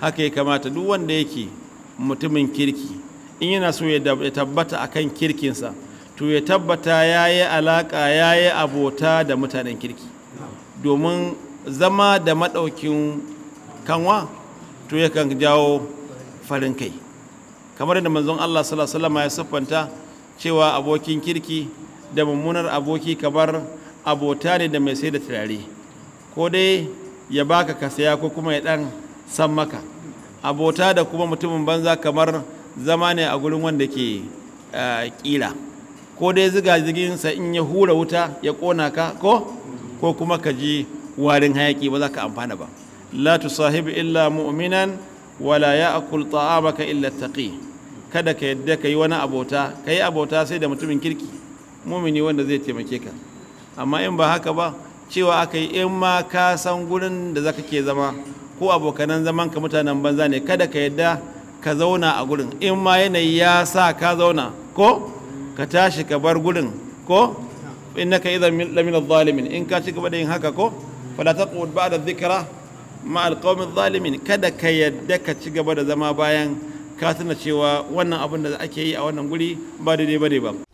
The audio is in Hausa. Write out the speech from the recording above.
haka ya kamata duk wanda yake mutumin kirki in yana so ya tabbata a kan kirkinsa to ya tabbata ya yi alaƙa ya yi abota da mutanen kirki domin zama da maɗaukin kanwa to yakan jawo farin kai kamar yadda manzon Allah sallallahu ya siffanta cewa abokin kirki da mummunar aboki kamar abota ne da mai sai da turare ko dai ya baka ka saya ko kuma ya ɗan san maka abota da kuma mutumin banza kamar zama ne a gurin wanda ke kila eh, ko dai ziga in ya hura wuta ya kona ka ko ko kuma ka ji warin hayaki ba za ka amfana ba la sahibi illa mu'minan wala ya'kul ta'amaka illa taqi kada ka yadda ka yi wani abota ka yi abota sai da mutumin kirki mumini wanda zai taimake ka amma in ba haka ba cewa aka yi in ma ka san gurin da zaka ke zama ko abokanan zaman ka mutanen banza ne kada ka yadda ka zauna a gurin in ma yanayi ya sa ka zauna ko ka tashi ka bar gurin ko innaka idan lamin zalimin in ka ci gaba da yin haka ko fala taqud ba'da dhikra ma alqawmi zalimin kada ka yadda ka ci gaba da zama bayan ka tuna cewa wannan abin da ake yi a wannan guri ba daidai ba ba